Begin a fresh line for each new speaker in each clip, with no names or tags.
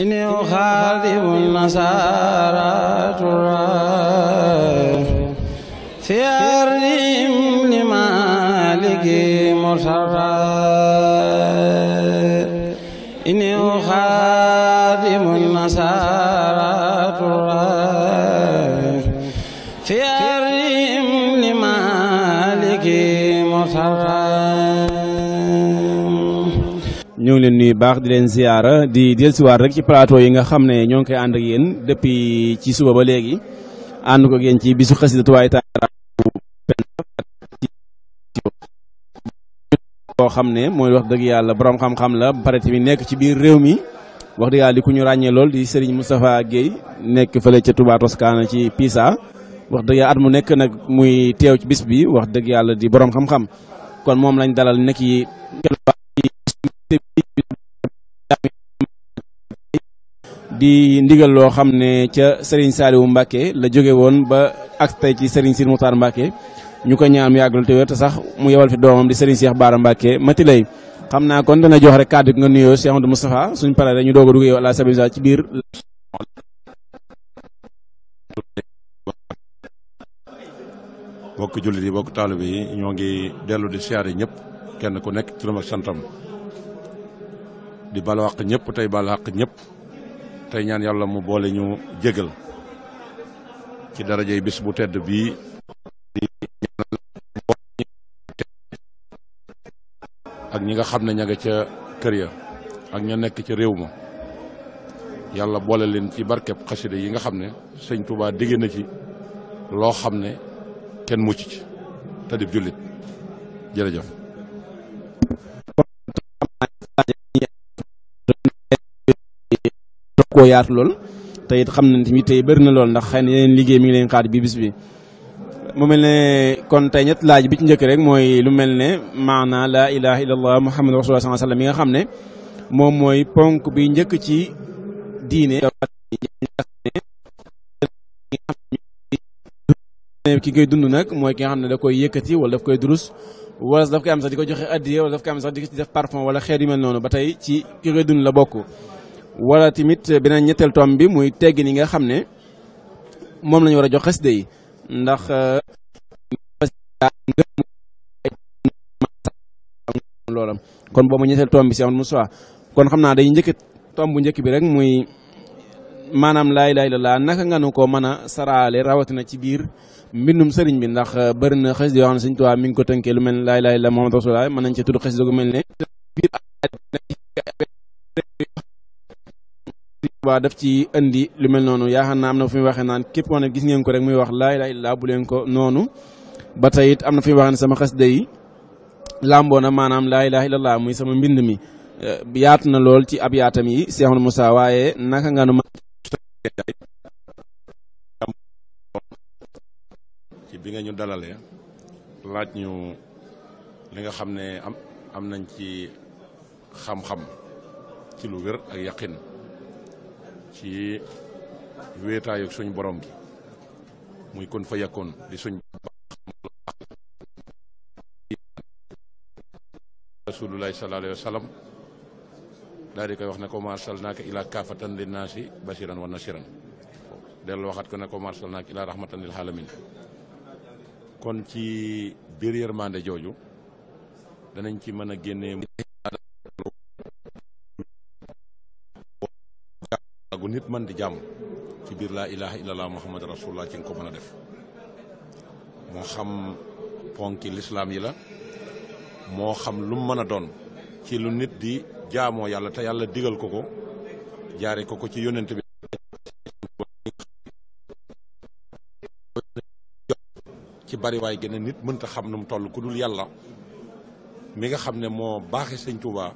إني أخاذب النصارى ترى في أرضهم لمالك إني أخاذب النصارى ñu ngi leen nuy baax di leen ziara di dellusiwaat rek ci plateau yi nga xam ne ñoo ngi koy ànd ak yéen depuis ci suba ba léegi ànd ko yéen ci bisu xasida tuwaay taara boo xam ne mooy wax dëgg yàlla borom xam-xam la pare tamit nekk ci biir réew mi wax dëgg yàlla di ku ñu ràññee lool di Serigne Moustapha Guèye nekk fële ca Touba Toscana ci Pisa wax dëgg yàlla at mu nekk nag muy teew ci bis bi wax dëgg yàlla di borom xam-xam kon moom lañ dalal nekk yi di ndigal loo xam ne ca saari wu Mbacke la jóge woon ba ak tey ci Serigne Sidi Moutar Mbacke ñu ko ñaan mu yàggal te wér sax mu yebal fi doomam di Serigne Cheikh Bara Mbacke mati lay xam naa kon dana jox rek kàddu gi nga nuyoo Cheikh Amadou Moustapha suñ paree rek ñu doog a duggee wala sabisa ci biir.
bokk jullit yi bokk taalibe yi ñoo ngi dellu di siyaare ñëpp kenn ku nekk turam ak di balu àq ñëpp tey balu àq ñëpp tey ñaan yalla mu boole ñu jégal ci darajey bis bu tedd bi ak ñi nga xamne ne ca kër ya ak ñu nekk ci réew ma yalla boole leen ci barkeb xassida yi nga xamne seigne touba Tuubaa na ci lo xamne mucc ci tadib
koo yaatu lool te xam nañ tamit tey bëri na lool ndax xëy na liggéey mi ngi leen xaar bi bis bi. mu mel ne kon tey ñett laaj bi ci njëkk rek mooy lu mel ne maana la ilaha illallah muhammadu rasulullah sallallahu alayhi wasallam mi nga xam ne moom mooy ponk bi njëkk ci diine. ki koy dund nag mooy ki nga xam ne da koy yëkkati wala daf koy durus wala daf koy am sax di ko joxe addiye wala daf koy am sax di ci def parfum wala xeet yu mel noonu ba tey ci ki koy dund la bokk. wala timit eh, beneen ñetteel tom bi muy teggin yi nga xam ne moom lañu war a jox xasida yi ndax eh, loolam kon boobu ñetteel tom bi si amul Moussa kon xam naa day njëkk tom bu njëkk bi rek muy maanaam laa ilaaha illallaah naka nga nu ko rawatina ci biir mbindum sëriñ bi ndax eh, bëri na xasida yoo xam ne Sëriñ mi ngi ko tënkee lu mel ne laa ilaaha illallaah Muhammad Rasulullaah nañ ci gu waa daf ci indi lu mel noonu yaakaar naa am na fu muy waxee naan képp koo gis ngeen ko rek muy wax laa ilaaha illallaah bu leen ko noonu ba tey it am na fi muy waxee ne sama xasida yi làmboo na maanaam laay ilaaha illallaah muy sama mbind mi eh, yaatu na lool ci ab yaatam yi Seexul Musaa waaye naka nga nu ma
bi nga ñu dalalee laaj ñu xam ne am nañ ci xam ci lu wér ak ci wéetaayu suñ borom gi muy kon fa yakon di suñ rasulullah sallallahu alaihi wasallam dari koy wax ne ko marsalnaaka ilaa kaafatan linnaasi basiran wa nasiran del waxat ko ne ko marsalnaaka ila rahmatan lil alamin kon ci biir yërmande jooju danañ ci meuna a nit man di jàmm ci biir laa ilaha illallah muhammad rasulullah ci nga ko mën a def moo xam ponki lislaam yi la moo xam lum mu mën a doon ci lu nit di jaamoo yàlla te yàlla digal ko ko jaare ko ko ci yónnent bi ci bariwaay gën nit mënta xam nu mu toll ku dul yàlla mi nga xam ne moo baaxe sëñ Tuubaa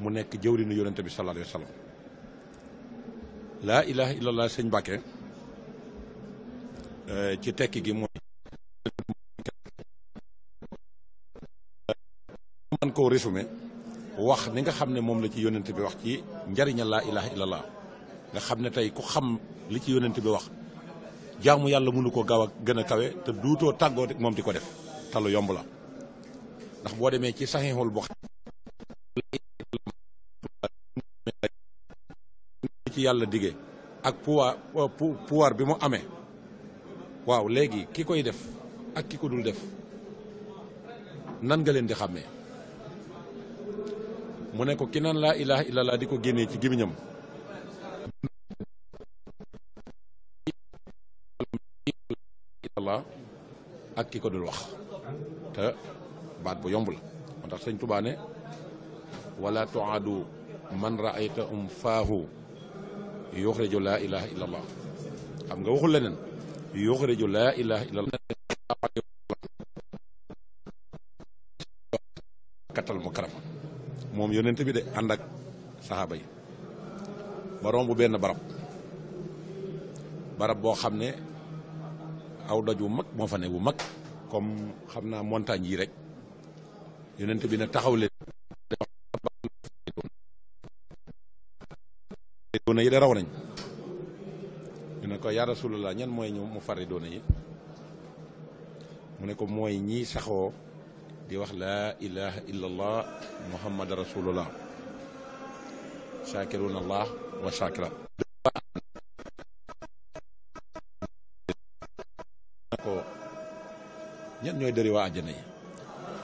mu nekk jëwriñu yónnent bi sallallahu alayhi wa laa ilaha illallah sëñ Mbàkke euh, ci tekki gi mooy man koo résumé wax ni nga xam ne moom la ci yónnent bi wax ci njariña laa ilaha illallah nga xam ne tey ku xam li ci yónnent bi wax jaamu yàlla mënu ko gaaw a gën a kawe te duutoo tàggoo moom di ko def talu yomb la ndax boo demee ci saxiixul Buxaari ci yàlla dige ak euh, pouvoir bi mu amee waaw léegi ki koy def ak ki ko dul def nan nga leen di xàmmee mu ne ko ki nan laa ilaha illallah di ko génnee ci gémmiñam illallah ak ki ko dul wax te baat bu yomb la moo tax sëñ wala tuaadu man raayta um faahu yuxriju laa ilaha illa allah xam nga waxul leneen yuxriju laa ilaha illa allah kattal mu karam moom yonent bi de ànd ak saxaaba yi ba romb benn barab barab boo xam ne aw doj wu mag moo fa ne wu mag comme xam naa montagne yi rek yonent bi ne taxaw leen doona yi da raw nañ ñu ne ko ya rasulullah ñan moy ñu mu fari doona yi mu ne ko moy ñi saxo di wax la ilaha illa allah muhammad rasulullah shakirun allah wa shakira ko ñan ñoy deri wa aljana yi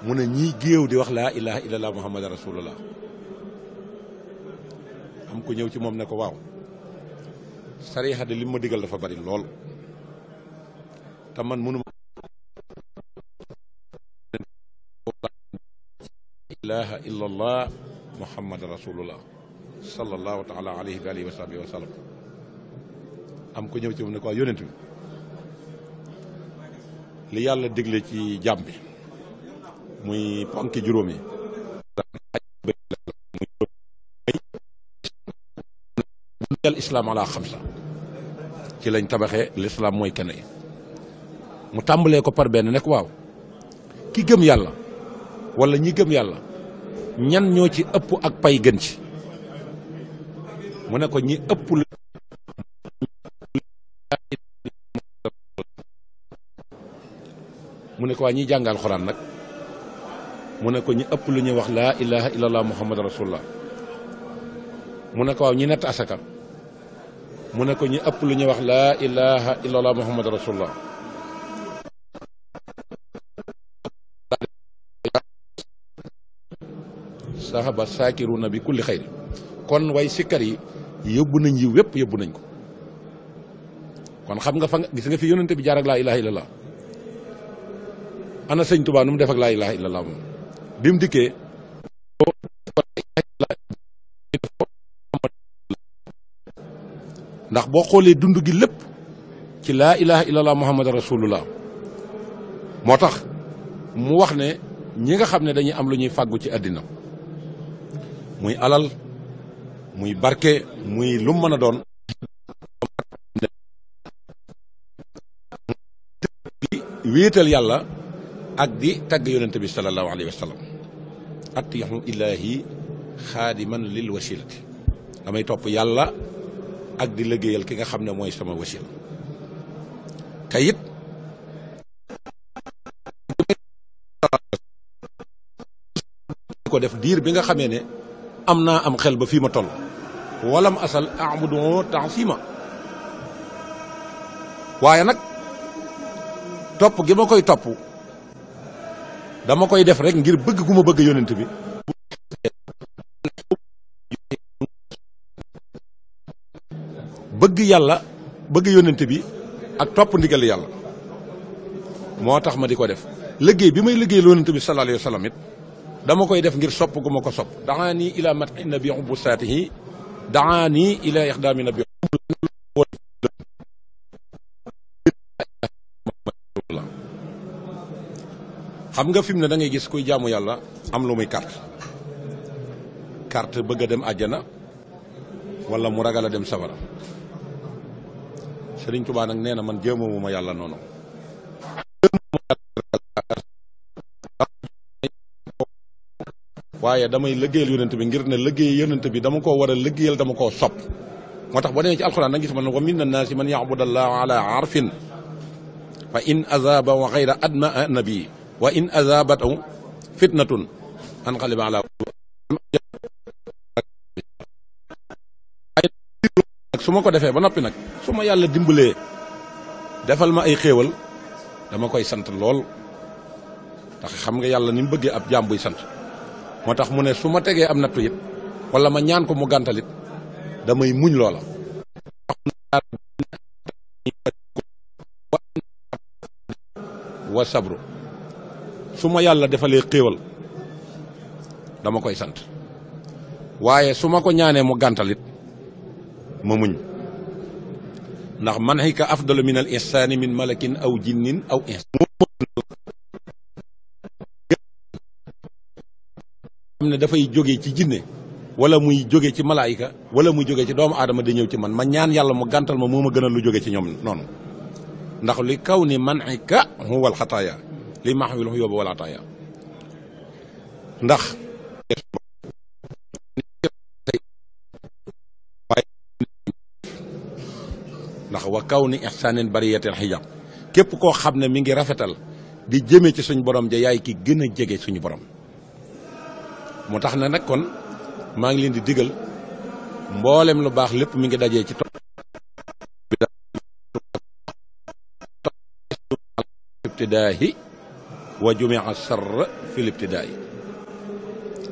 mu ne ñi geew di wax la ilaha illa allah muhammad rasulullah ku ñëw ci moom ne ko waaw sariixa de li ma digal dafa bari lool te man mënuma ilaha illa allah muhammad rasulullah sallallahu taala alayhi wa alihi wa sahbihi wa sallam am ku ñëw ci moom ne ko waaw yónent bi li yàlla digle ci jàmm bi muy ponki juróom al islaam ala xamsa ci lañ tabaxee lislaam mooy kenn yi mu tàmbalee ko par benn nekk waaw ki gëm yàlla walla ñi gëm yàlla ñan ñoo ci ëpp ak pay gën ci mu ne ko ñi ëpp mu waa ñiy jàng nag mu ne ñi ëpp lu ñuy wax laa ilaha illallah muhammad rasulullah mu ne ko waaw ñi natt asaka mu ne ko ñu lu ñuy wax laa ilaha illallah muhammad rasulullah sahaba saakiruna bi kulli xayri kon way sikkar yi yóbbu nañ yi wépp yóbbu nañ ko kon xam nga fa gis nga fi yónnante bi jaar ak laa ilaha illallah ana sëñ Tuubaa nu mu def ak ilaha illallah moom bi mu dikkee ndax boo xoolee dund gi lépp ci laa ilaha illallah muhammad la moo tax mu wax ne ñi nga xam ne dañuy am lu ñuy fàggu ci àddina muy alal muy barke muy lu mën a doon wéetal yàlla ak di tagg yonente bi sallallahu alayhi wa sallam attiyaxnu ilaahi xaadiman lil wasilati damay topp yàlla ak di liggéeyal ki nga xam ne mooy sama wasila kayit ko def diir bi nga xamee ne am naa am xel ba fii ma toll walam asal abudu taasima waaye nag topp gi ma koy topp dama koy def rek ngir bëgg gu ma bëgg yonent bi bëgg Yalla, bëgg yonent bi ak topp ndigal yàlla moo tax ma di ko def liggéey bi may liggéey yonent bi sallallahu alayhi Wasallam it dama koy def ngir sopp gu ma ko sopp daani ila mati nabi bu saatihi ila ihdami nabi xam nga fi ne da ngay gis kuy jaamu yàlla am lu muy carte carte bëgg dem àjjana wala mu ragal dem safara Sëriñ Tuubaa nag nee na man jéemoo ma yàlla noonu waaye damay liggéeyal yonent bi ngir ne liggéey yonent bi dama koo war a liggéeyal dama koo sopp moo tax boo demee ci alxuraan da nga gis man wa min annaasi man yacbudallaaha ala arfin fa in azaba wa xayra adma nabi wa in azabat fitnatun an xaliba ala suma ko defee ba noppi nag su ma yàlla dimbalee defal ma ay xéewal dama koy sant lool ndax xam nga yàlla ni mu ab jaam buy sant moo tax mu ne su ma tegee am nattu it wala ma ñaan ko mu gàntalit damay muñ loola wa sabru su ma yàlla defalee xéewal dama koy sant waaye su ko ñaanee mu ma muñ ndax man xika afdalu min al insani min malakin aw jinnin aw insan xam ne dafay jóge ci jinne wala muy jóge ci malaayka wala mu jóge ci doomu aadama di ñëw ci man ma ñaan yàlla mu gàntal ma moo ma a lu jóge ci ñoom noonu ndax li kaw ni man xika huwa li maaxawil xu yóbbu wala xataaya ndax wa kaw ihsanin bariyatil hijab kep ko xamne mi ngi rafetal di jeme ci suñu borom ja yaay ki gëna jégé suñu borom motax na nak kon ma ngi leen di diggal mbollem lu bax lepp mi ngi dajé ci topp ibtidaahi wa jumia sarr fi ibtidahi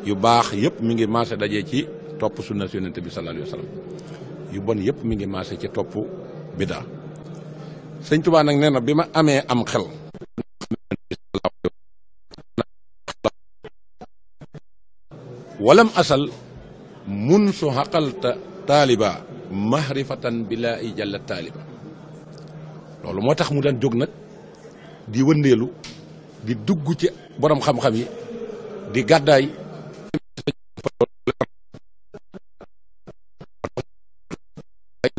yu bax yépp mi ngi maase dajé ci top sunna yonente bi sallallahu alayhi wasallam yu bon yépp mi ngi maase ci top bida señ tubaa nak neena bima amé am xel walam asal mun su taliba mahrifatan bila ijal jalla lolou motax mu dan jog nak di wëndeelu di dugg ci borom xam-xam yi di gaday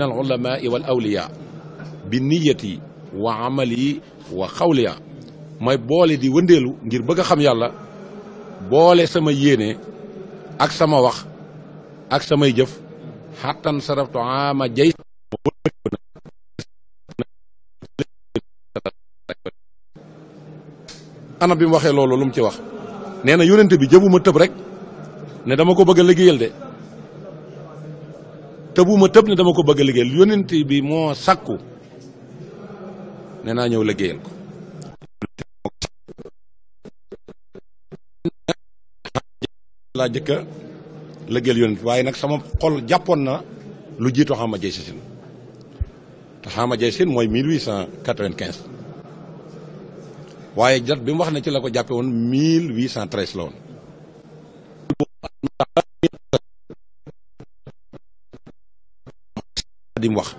alulamaa wa amali wa xawliyaa mooy boole di wëndeelu ngir bëgg a xam yàlla boole sama yéene ak sama wax ak samay jëf xattan saraftu ama jay ana bi mu waxee loolu lu mu ci wax nee na yónente bi jëbuma tëb rek ne dama ko bëgg a liggéeyal de tëbuma tëb ne dama ko bëgg a liggéeyal yónent bi moo sakku nee naa ñëw liggéeyal ko laa jëkk a liggéeyal yónent waaye nag sama xol jàppoon na lu jiitu xama jay sin te xama jay sin mooy 1895 waaye jot bi mu wax na ci la ko jàppe woon 1813 la woon Xaadim wax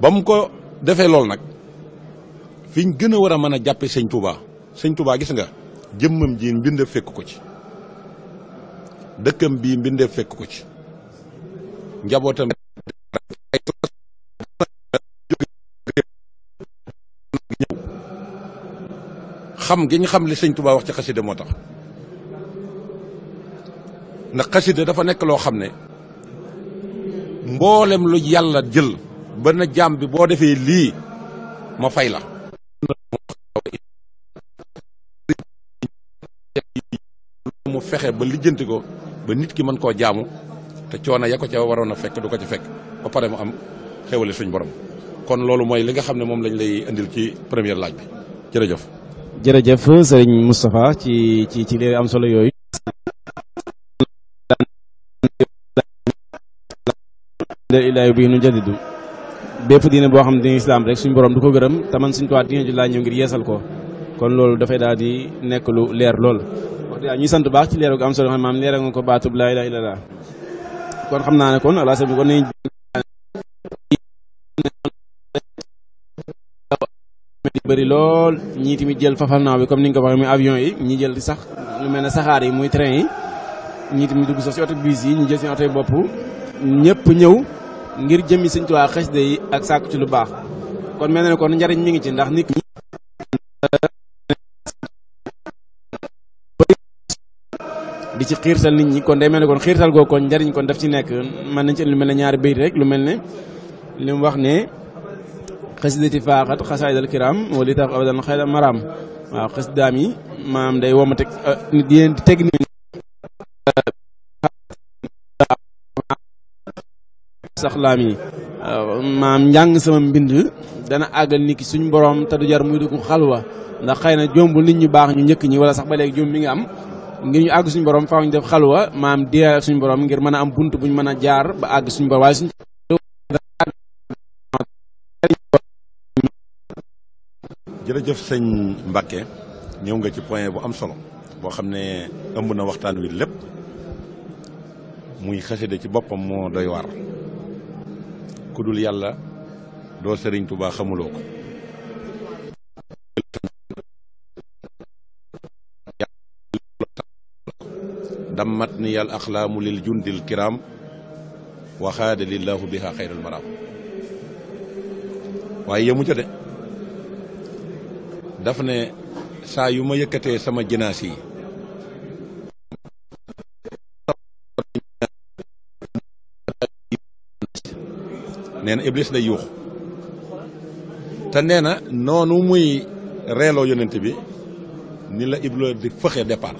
ba mu ko defee loolu nag fi ñu gën a war a mën a jàppe sëñ Touba sëñ Touba gis nga jëmmam ji mbindeef fekk ko ci dëkkam bii mbindeef fekk ko ci njabootam xam gi ñu xam li sëñ Touba wax ci xasida moo tax ndax xasida dafa nekk loo xam ne mbollem lu yalla jël ba na jam bi bo defé li ma fay la mu fexé ba lijeenti ko ba nit ki man ko jaamu te coono ya ko ca fekk du ko ci fekk ba pare mu am xewale suñ borom kon lolu moy li nga xam mom lañ lay andil ci première laaj bi jërëjëf
jërëjëf serigne mustapha ci ci ci li am solo yoy la ilaaha bi nu jadidu bepp diine bo xam diine islam rek suñu borom duko ko gërëm te man suñ ko diine ji laa ñëw ngir yeesal ko kon loolu dafay daal di nekk lu leer lool wax dëgg ñuy sant baax ci leer gu am solo maam leer nga ko baatub laa ilaaha illallaah kon xamna ne kon ala sabi kon nañ bari lol ñi timi jël fafalnaaw bi comme ni nga ko mi avion yi ñi jël di sax lu melni saxar yi muy train yi ñi timi dugg sax ci auto bus yi ñi jël ci auto bop ñepp ñew ngir jëmmi Sëñ Tuubaa xasida yi ak sàkku ci lu baax kon mel na ne kon njariñ mi ngi ci ndax nit ñi di ci xiirtal nit ñi kon day mel ne kon xiirtal googu kon njariñ kon daf ci nekk mën nañ ci lu mel ne ñaari bayit rek lu mel ne li mu wax ne xasidati faaxat xasaayidal kiram wala tax abadan xayda maraam waaw xasidaam yi maam day womateeg ah, di teg nit soxlaam yi euh, maam njàng sama mbind dana agal nit ki suñ borom ta du jar muy ko xalwa ndax xeyna na nit ñu bax ñu njëkk ñi wala sax ba jom mi nga am ngir ñu ag suñ borom faaw ñu def xalwa maam diyaay suñ borom ngir mëna am buntu buñ mëna jaar ba ag suñ borom way suñ
señ Mbacke ñew nga ci point bu am solo bo xamne ëmb na waxtaan wi lepp muy de ci bopam mo doy war ku dul yàlla doo Sëriñ Tuubaa xamuloo ko dammat ni yàlla axlaamu lil jundil kiram waxaade lillaahu biha xayral maraam waaye yemu ca de daf ne saa yu ma yëkkatee sama jinaas yi nee na iblis day yuuxu te nee na noonu muy reeloo yonent bi ni la iblis di fëxe départ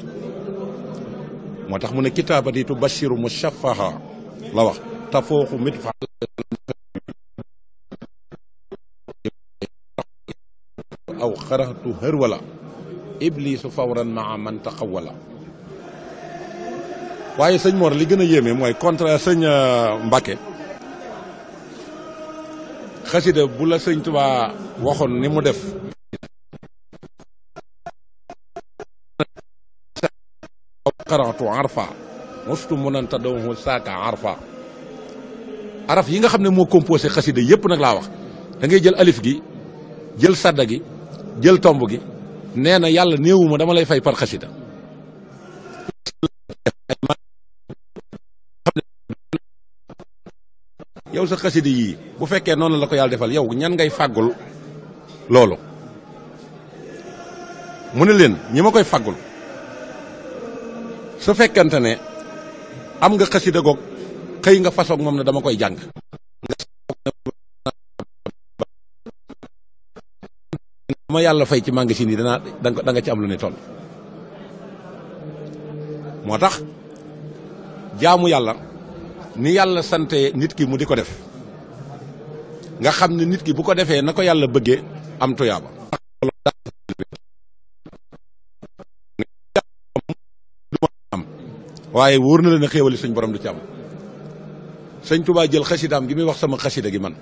moo tax mu ne kitaabati tubashiru mushaffaha la wax tafooxu mit fa aw xaraxtu hër wala iblisu fawran maa man taxawala waaye sëñ Mor li gën a yéeme mooy contraire sëñ euh, Mbacke xasida bu la seigne touba waxoon ni mu def qaratu arfa mustu munan tadawhu saka arfa araf yi nga xamne mo composer composé yep nak la wax da ngay jël alif gi jël sadda gi jël tombu gi neena yalla neewuma dama lay fay par xasida yow sa xasida yii bu fekkee noonu la ko yàlla defal yow ñan ngay fàggul loolu mu ne leen ñi ma koy fàggul su fekkente ne am nga xasida goog xëy nga fasoog moom ne dama koy jàng ma yàlla fay ci magasin yi danaa da nga ci am lu ne toll moo tax jaamu yàlla ni yàlla sante nit ki mu di ko def nga xam ne nit ki bu ko defee na ko yàlla bëggee am tuyaaba waaye wóor na leen a xéewali suñ borom du ci am sëñ jël xasidaam gi muy wax sama xasida gi man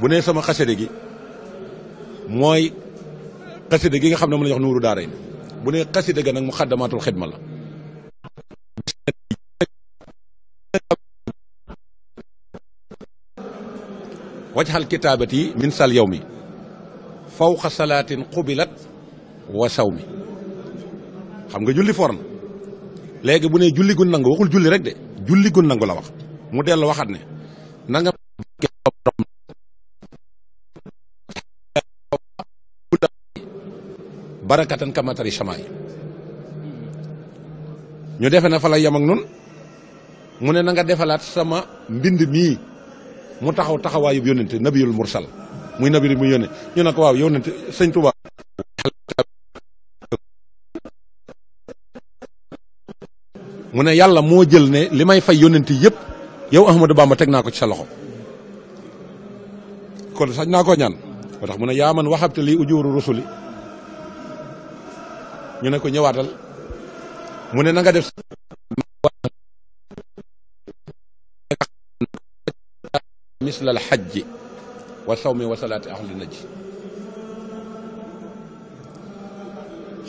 bu nee sama xasida gi mooy xasida gi nga xam ne mën a jox nuuru daaray bu nee xasida gi nag mu xaddamaatul xidma la wajhal kitaabati min sal yow mi fawqa salaatin qubilat wa saw mi xam nga julli for na léegi bu ne julli gun nangu waxul julli rek de julli gun nangu la wax mu dellu waxaat ne na nga barakatan kamatari samaay ñu defe na fa la yam ak nun mu ne nga defalaat sama mbind mii mu taxaw taxawaayub yónnente nabiyul mursal muy nabi bi muy yónne ñu ne ko waaw yónnente sëñ Tuubaa mu ne yàlla moo jël ne li may fay yónnente yëpp yow Ahmadou Bamba teg naa ko ci sa loxo kon sañ naa koo ñaan moo tax mu ne yaa man waxabte lii rusuli ñu ne ko ñëwaatal mu ne na def misla al xajji wa sawmi wa salaati ahli naji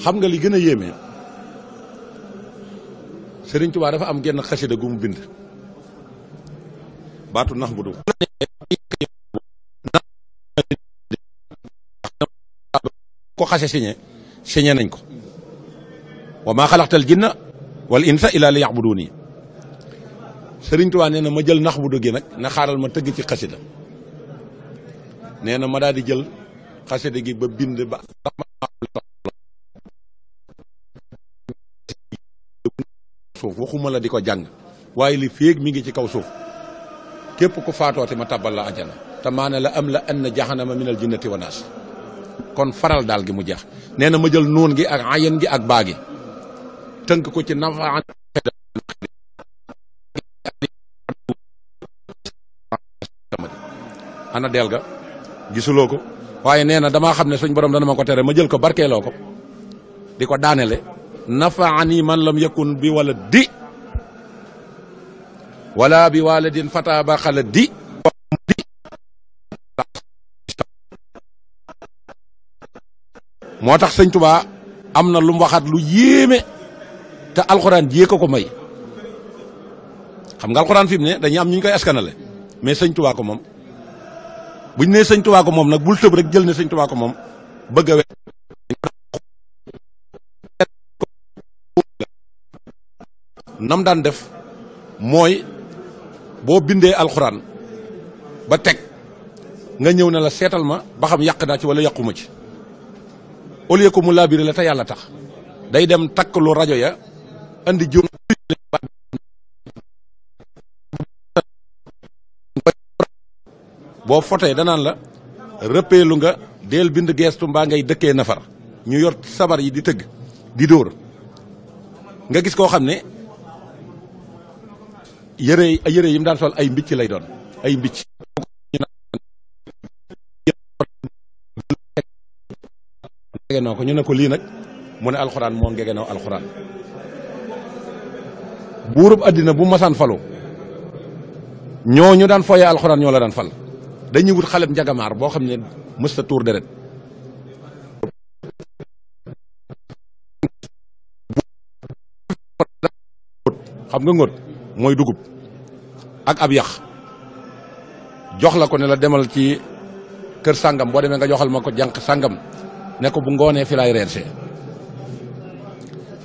xam nga li gën a yéeme Sëriñ Tuubaa dafa am genn xasida gu mu bind baatu nax bu du ko xase siñe siñe nañ ko wa maa xalaqtal jinna wal insa illa li ya'buduni Sëriñ Tuubaa nee na ma jël nax bu duggi nag na xaaral ma tëgg ci xasida nee na ma daal di jël xasida gi ba bind ba suuf waxuma di ko jàng waaye li féeg mi ngi ci kaw suuf képp ku faatooti ma tabbal la ajana te maana la am la ann jahanama minal jinnati wa naas kon faral daal gi mu jeex nee na ma jël noon gi ak ayen gi ak baa gi tënk ko ci nafaan ana del ga gisuloo ko waaye nee na damaa xam ne suñ borom dana ma ko tere ma jël ko barkeeloo ko di ko daanele nafaani man lam yakun bi wala di wala bi walidin fata ba xala di moo tax sëñ tubaa am na lu mu waxaat lu yéeme te alxuraan jiyee ko ko may xam nga alxuraan fi mu ne dañuy am ñu ñu koy askanale mais sëñ ko moom bu ñu nee sëñ Tuubaa moom nag bul tëb rek jël ne sëñ Tuubaa moom bëgg a nam daan def mooy boo bindee alxuraan ba teg nga ñëw ne la seetal ma ba xam yàq naa ci wala yàquma ci au lieu que mu laabiré la te yàlla tax day dem takk lu rajo ya andi jom boo fotee danaan la rëppeelu nga deel bind geestu mbaa ngay dëkkee nafar ñu yor sabar yi di tëgg di dóor nga gis koo xam ne yëre yëre yi mu daan sol ay mbicc lay doon ay mbicc ngegenoo ko ñu ne ko lii nag mu ne alxuraan moo ngegenoo alxuraan buurub àddina bu masaan falu ñoo ñu daan foyee alxuraan ñoo la daan fal dañuy wut xalam njagamaar bo xamne musta tour deret xam nga ngot moy dugub ak ab yax jox la ko ne la demal ci keur sangam bo demé nga joxal mako jank sangam ne ko bu ngone fi laay reerse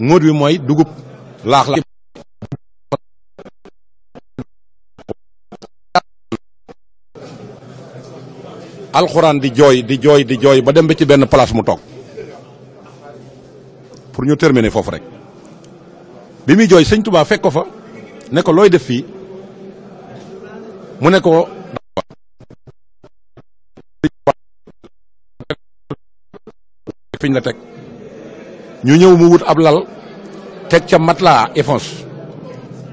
ngóot bi mooy dugub laax la alquran di joy di joy di joy ba dem ba ci ben place mu tok pour ñu terminer fofu rek bi mi joy seigne Touba fekk ko fa ne ko loy def fi mu ne ko fiñ la tek ñu ñew mu wut ab lal teg ca matla efons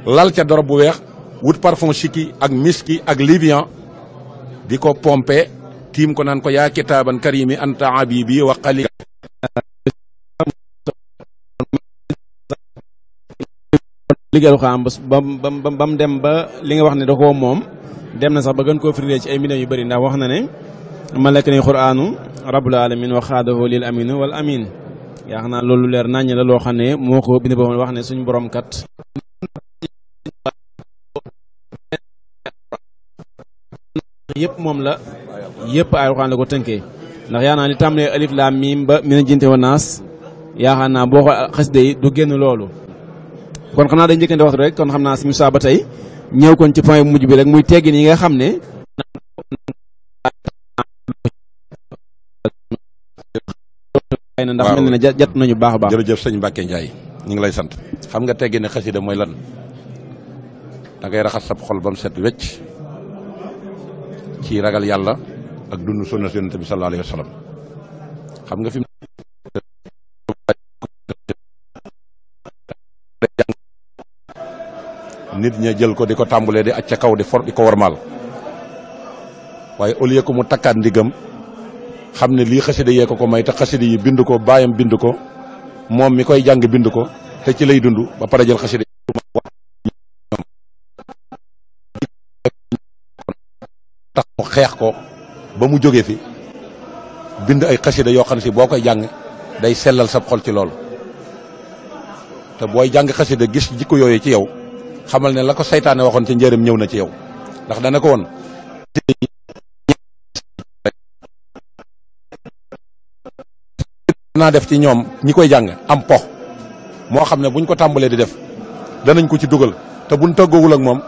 lal ca dorob bu wut parfum chiki ak miski ak Libyan diko pomper tiim ko naan ko yaa kitaaban karimi anta abibi wa qalil
liggéeyu xaam ba ba mu dem ba li nga wax ne da koo moom dem na sax ba gën koo firndee ci ay mbindam yu bari ndax wax na ne malaka ni quraanu rabbul alamin wa xaadahu lil amin wal amin yaa xam loolu leer naññ la loo xam ne moo ko bind boo wax ne suñu borom kat yëpp moom la yépp ay alxuraan la ko tënkee ndax yaakaar naa li tàmbalee alif laam miim ba mina jinti wa naas yaakaar naa boo ko xasida yi du génn loolu. kon xam naa dañu njëkkante waxtu rek kon xam naa si Moussa ba tey ñëw kon ci point bu mujj bi rek muy teggin
yi nga xam ne. ndax mel na ne jat nañu baax a baax. jërëjëf sëñ Mbacke Ndiaye ñu ngi lay sant. xam nga teggin ne de mooy lan dangay ngay raxas sab xol bam mu set wecc ci ragal yàlla. ak dundu sunna yonent tabi sallallahu alayhi wasallam xam nga fi nit ñi jël ko diko tambulé di acca kaw di for di ko warmaal waaye au lieu ko mu takkaat ndigam xamne li xassida ye ko ko may ta xassida yi bind ko bayam bind ko mom mi koy jang bind ko te ci lay dundu ba para jël xassida tak ko xex ko ba mu jógee fi bind ay xasida yoo xam ne si boo koy jàng day sellal sab xol ci loolu te booy jàng xasida gis jikko yooyu ci yow xamal ne la ko saytaane waxoon ci njëriñ ñëw na ci yow ndax dana ko woon naa def ci ñoom ñi koy jàng am pox moo xam ne buñ ko tàmbalee di def danañ ko ci dugal te buñ tëggoowul ak moom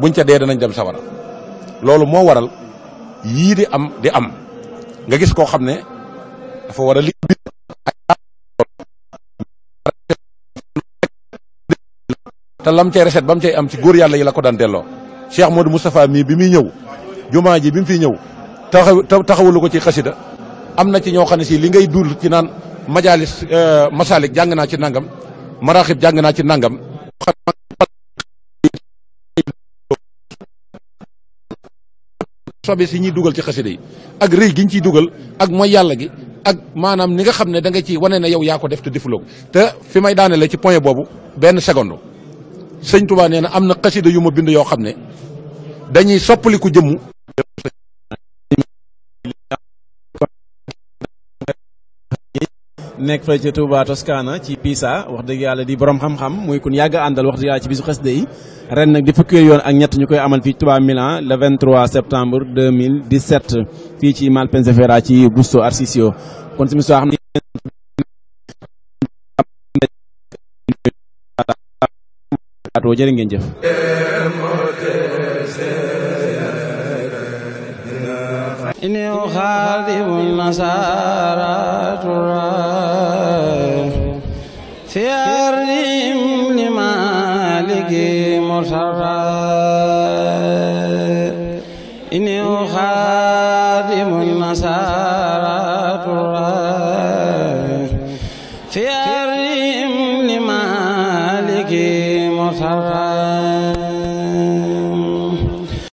buñ ca dee danañ dem sawara loolu moo waral yii de am di am nga gis koo xam ne dafa war a liggéey lam cay recette ba mu am ci góor yàlla yi la ko daan delloo Cheikh Modou Moustapha mii bi muy ñëw jumaa ji bi mu fiy ñëw taxaw taxawalu ko ci xasida am na ci ñoo xam ne si li ngay dul ci naan majaalis euh, masalik jàng naa ci nangam maraaxib jàng naa ci nangam sobe si dugal ci xasida yi ak rëy gi ñu ciy dugal ak mooy yàlla gi ak maanaam ni nga xam ne da nga ci wane ne yow yaa ko def te defuloo ko te fi may daane la ci point boobu benn seconde sëñ Tuubaa nee na am na xasida yu ma bind yoo xam ne dañuy soppaliku jëmm
nekk fële ca Touba Toscana ci Pisa wax dëgg yàlla di boroom xam-xam muy kun yàgg àndal wax dëgg yàlla ci bisu xasida yi ren nag di fukki yoon ak ñett ñu koy amal fii Touba Milan le 23 septembre 2017 fii ci Malpensa ci Busto Arsizio kon si xam jërë ngeen jëf إني أخاذب النصارى ترى في أرضهم لمالك مرسرى إني أخاذب النصارى